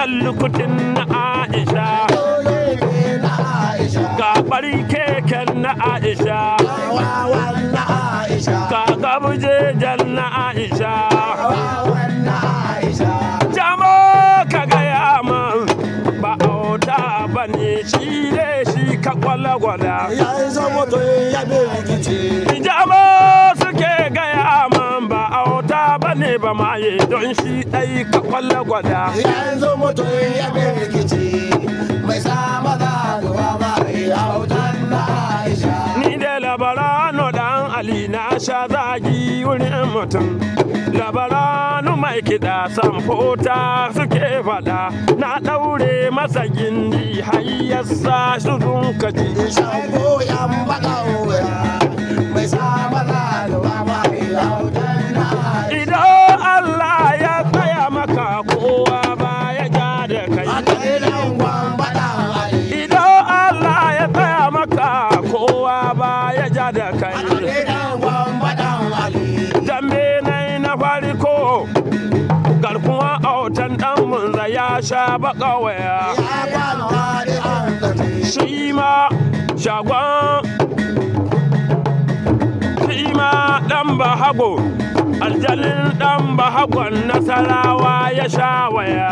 ɗan lukutin na Aisha. Ga ɓari keken na Aisha. Ga jan na Aisha. Jamo ka gaya ma ba auta ba ne shi ne shi ka kwalagwada. Ya yi zama to ya bai rikici. Jamo ne ba maye don shi ɗai ka kwalla gwada. zo mutum ya bi rikici mai sama za kuwa ba a hautan Aisha. Ni da labarano dan Ali na sha zagi wurin mutum. Labarano mai kiɗa fota suke faɗa na ɗaure masa gindi har sa su zunkaci. Shago yan baɗa wura. ya sha baka waya shi ma shagon shi ma dan bahago aljalin dan bahagon nasarawa ya sha waya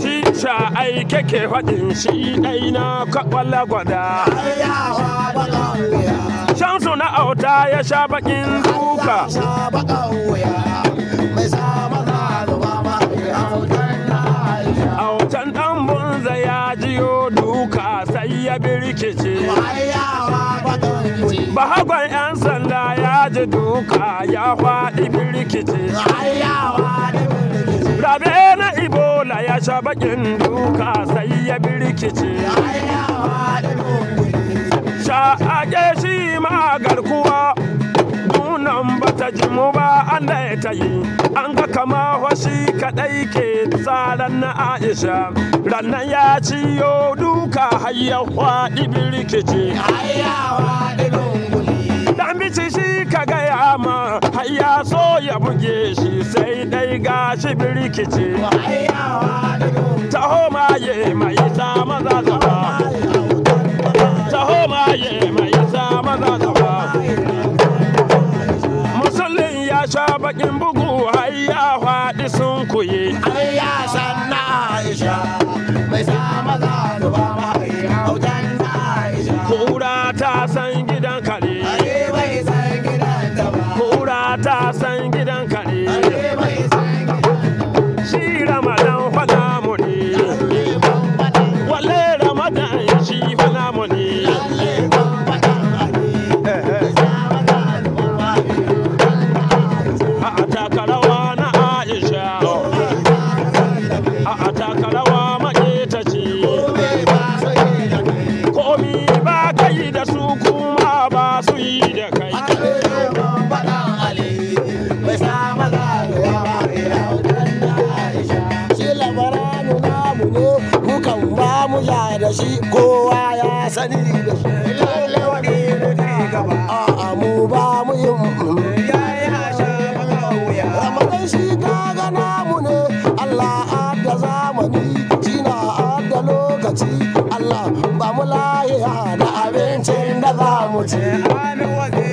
Tisha ai keke faɗin shi ɗai na kwakwala gwada. Ayawa gidansu na auta ya sha bakin duka autan ɗan bunza ya jiyo duka sai ya birkice bahagwan 'yan sanda ya ji duka ya faɗi birkice rabe na ibola ya sha bakin duka sai ya birkice sha a shi mu ba da ya yi. an ga kama washi kaɗai ke tsaran na Aisha rannan ya ci ciyo duka hayyawa ibirkice da dibunguli dan bici shi ka ga ma. hayya so ya buge shi sai dai gashi birkice hayyawa taho ma ye mai ka san gidan shi kowa ya sani da shi lalle wani ne gaba mu ba mu yin ya ya sha maka wuya ramadan shi kaga namu ne Allah adda zamani shi na adda lokaci Allah ba mu lahiya da abincin da za mu ci